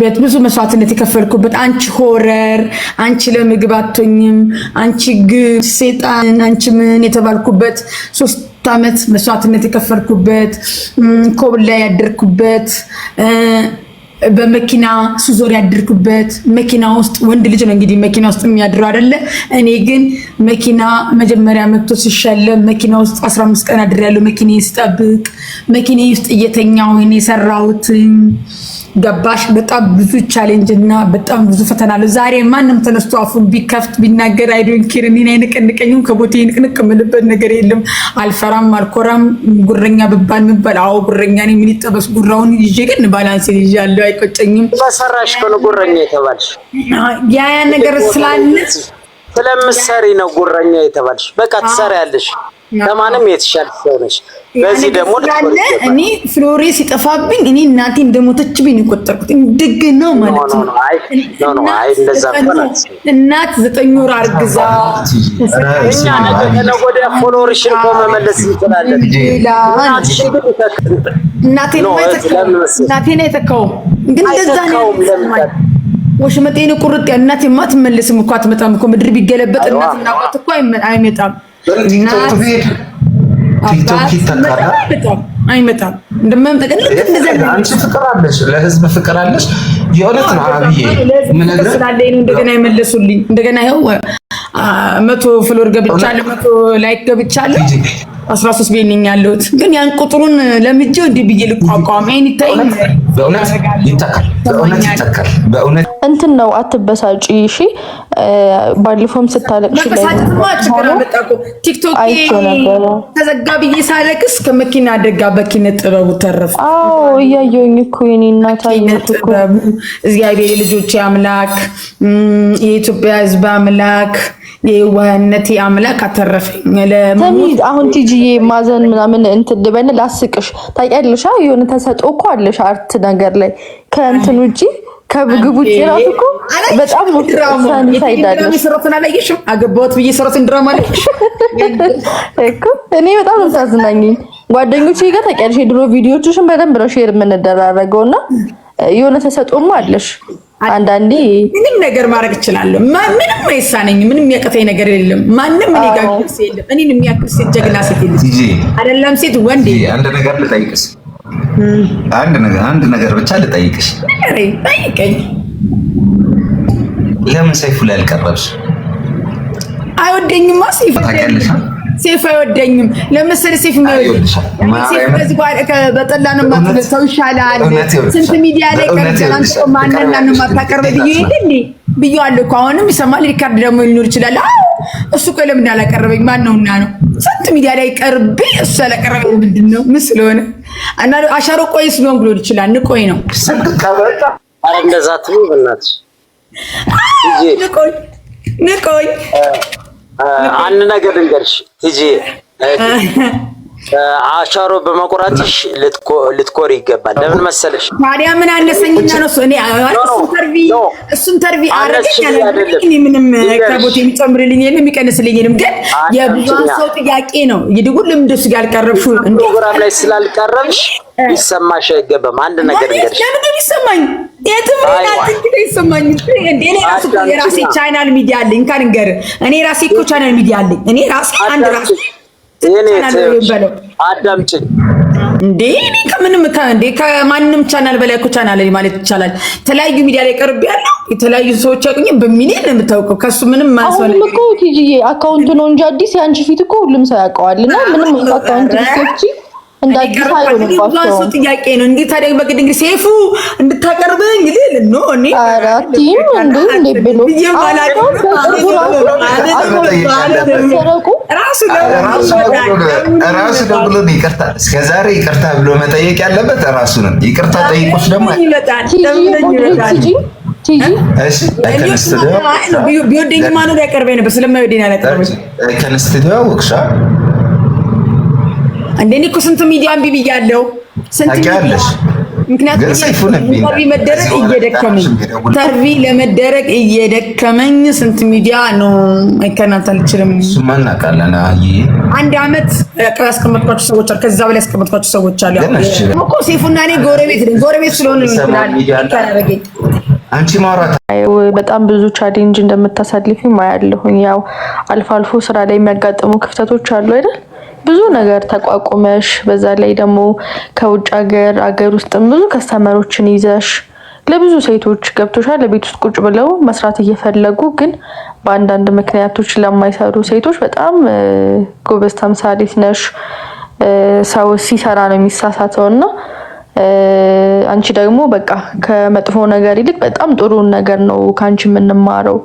በት ብዙ መስዋዕትነት የከፈልኩበት አንቺ ሆረር፣ አንቺ ለምግብ አቶኝም፣ አንቺ ግብ ሴጣን፣ አንቺ ምን የተባልኩበት ሶስት ዓመት መስዋዕትነት የከፈልኩበት ኮብል ላይ ያደርኩበት በመኪና ስዞር ያድርኩበት መኪና ውስጥ ወንድ ልጅ ነው እንግዲህ መኪና ውስጥ የሚያድረው አይደለ? እኔ ግን መኪና መጀመሪያ መጥቶ ሲሸለም መኪና ውስጥ 15 ቀን ያለው መኪና ስጠብቅ መኪና ውስጥ እየተኛሁ እኔ የሰራሁትን ገባሽ። በጣም ብዙ ቻሌንጅ እና በጣም ብዙ ፈተና አለው። ዛሬ ማንም ተነስቶ አፉን ቢከፍት ቢናገር አይዶን ኪር እኔን አይነቀንቀኝም። ከቦቴ ንቅንቅ የምልበት ነገር የለም። አልፈራም፣ አልኮራም። ጉረኛ ብባል ምበል አዎ ጉረኛ ምን ይጠበስ ጉራውን ይዤ ግን ባላንስ ይዣለሁ። አይቆጨኝም። በሰራሽ ከሆነ ጉረኛ የተባልሽ ያ ያ ነገር ስላለ ስለምትሰሪ ነው ጉረኛ የተባልሽ። በቃ ትሰሪያለሽ፣ ከማንም የተሻልሽ ሰው በዚህ ደግሞ እኔ ፍሎሬ ሲጠፋብኝ እኔ እናቴ እንደሞተችብኝ ነው የቆጠርኩት። እንድግ ነው ማለት ነው። እናት ዘጠኝ ወር አርግዛ ፍሎሬሽን እኮ መመለስ እንችላለን። እናቴ ነው የተካው ግን እንደዛ ወሽመጤን ቁርጥ ያ እናቴ አትመልስም እኮ አትመጣም እኮ ምድር ቢገለበጥ እናትና አባት እኮ አይመጣም። አይመጣም እንደማይመጣ አንቺ ፍቅር አለሽ፣ ለህዝብ ፍቅር አለሽ። የእውነት ነው አብዬ ምን እንደገና ይመለሱልኝ እንደገና ይኸው መቶ ፍሎር ገብቻለሁ፣ መቶ ላይክ ገብቻለሁ አስራ ሶስት ቤት ነኝ ያለሁት ግን ያን ቁጥሩን ለምጄው እንዲህ ብዬ ልቋቋም ይሄን ይታይም በእውነት ይተካል በእውነት ይተካል በእውነት እንትን ነው አትበሳጪ እሺ ባለፈውም ስታለቅሽ ቲክቶክ ተዘጋ ብዬ ሳለቅስ ከመኪና አደጋ በኪነ ጥበቡ ተረፍ። አዎ እያየሁኝ እኮ የእኔ እናት እግዚአብሔር የልጆቼ አምላክ የኢትዮጵያ ህዝብ አምላክ የዋህነቴ አምላክ አተረፈኝ። ለሚድ አሁን ቲጂዬ ማዘን ምናምን እንትን ልበል ላስቅሽ። ታውቂያለሽ የሆነ ተሰጦ እኮ አለሽ አርት ነገር ላይ ከእንትን ውጭ ከምግብ ውጭ ራሱ እኮ በጣም ሳይዳለሽ አላየሽም? አገባሁት ብዬ ስሮትን ድራማ አላየሽ እኮ እኔ በጣም ምታዝናኝ ጓደኞች ጋር ታውቂያለሽ፣ የድሮ ቪዲዮችሽን በደንብ ነው ሼር የምንደራረገው እና የሆነ ተሰጥኦም አለሽ አንዳንዴ ምንም ነገር ማድረግ እችላለሁ። ምንም አይሳነኝ፣ ምንም የሚያቅተኝ ነገር የለም። ማንም እኔ ጋር የለም። እኔን የሚያክል ሴት ጀግና ሴት የለች፣ አይደለም ሴት ወንድ። አንድ ነገር ልጠይቅሽ፣ አንድ ነገር ብቻ ልጠይቅሽ። ጠይቀኝ። ለምን ሰይፉ ላይ አልቀረብሽ? አይወደኝማ ሰይፉ ሴፍ አይወደኝም። ለምሳሌ ሴፍ የሚወደኝ ሴፍ ከዚህ ስንት ሚዲያ ላይ አሁንም ይሰማል። ሪካርድ ደግሞ ሊኖር ይችላል። እሱ እኮ ለምን አላቀረበኝ? ማን ነው ስንት ሚዲያ ላይ እሱ ያላቀረበ ምንድን ነው? ምን ስለሆነ እና አሻሮ ቆይ ስለሆን ብሎ ይችላል። ንቆይ ነው እንደዛ ትሉ አንድ ነገር ልንገርሽ ቲጂ፣ አሻሮ በመቁራትሽ ልትኮሪ ይገባል። ለምን መሰለሽ? ታዲያ ምን አነሰኝና ነው እሱ እኔ እሱን ተርቪ አረገኝ። ምንም ከቦት የሚጨምርልኝ የለም የሚቀንስልኝ የለም። ግን የብዙ ሰው ጥያቄ ነው። ይድጉ ልምዶች ጋር እንዴ ፕሮግራም ላይ ስላልቀረብሽ ይሰማሽ አይገባም። አንድ ነገር እንግዲህ ለምን ይሰማኝ? የትም ይሰማኝ እንዴ? እኔ ራሴ የራሴ ቻናል ሚዲያ አለኝ። እንኳን እንገር እኔ ራሴ እኮ ቻናል ሚዲያ አለኝ። እኔ ራሴ አንድ ራሴ እኔ አዳምጪኝ እንዴ እኔ ከምንም እንዴ ከማንም ቻናል በላይ እኮ ቻናል ማለት ይቻላል። የተለያዩ ሚዲያ ላይ ቀርብ ያለው የተለያዩ ሰዎች ያቁኝ በሚሊዮን ነው የምታውቀው። ከሱ ምንም ማሰል እኮ ቲጂዬ አካውንት ነው እንጂ አዲስ የአንቺ ፊት እኮ ሁሉም ሰው ያውቀዋል። እና ምንም አካውንት ልትከቺ እንዳሱ ጥያቄ ነው። እንዴት ታዲያ በግድ እንግዲህ ሴፉ እንድታቀርብ እንግዲህ ልኖ እኔ ደውሎ ይቅርታ እስከዛሬ ይቅርታ ብሎ መጠየቅ ያለበት ራሱ ይቅርታ ጠይቆች ደግሞ ከንስትዲዮ ቢወደኝ ማኖር ያቀርበኝ ነበር። ስለማይወደኝ አላቀርበኝ ከንስትዲዮ ውቅሻ እንደ እኮ ስንት ሚዲያ እምቢ ብያለሁ። ስንት ሚዲያ ምክንያቱም መደረግ እየደከመኝ ተርቪ ለመደረግ እየደከመኝ ስንት ሚዲያ ነው አይከናንት አልችልም። አንድ አመት ቀር ያስቀመጥኳቸው ሰዎች አሉ፣ ከዛ በላይ ያስቀመጥኳቸው ሰዎች አሉ። እኮ ሴፉና እኔ ጎረቤት ጎረቤት ስለሆነ ነው ይላል። አንቺ ማውራት በጣም ብዙ ቻሌንጅ እንደምታሳልፊ ማያለሁኝ። ያው አልፎ አልፎ ስራ ላይ የሚያጋጥሙ ክፍተቶች አሉ አይደል ብዙ ነገር ተቋቁመሽ በዛ ላይ ደግሞ ከውጭ ሀገር አገር ውስጥም ብዙ ከስተመሮችን ይዘሽ ለብዙ ሴቶች ገብቶሻል። ለቤት ውስጥ ቁጭ ብለው መስራት እየፈለጉ ግን በአንዳንድ ምክንያቶች ለማይሰሩ ሴቶች በጣም ጎበዝ ተምሳሌት ነሽ። ሰው ሲሰራ ነው የሚሳሳተው እና አንቺ ደግሞ በቃ ከመጥፎ ነገር ይልቅ በጣም ጥሩን ነገር ነው ከአንቺ የምንማረው።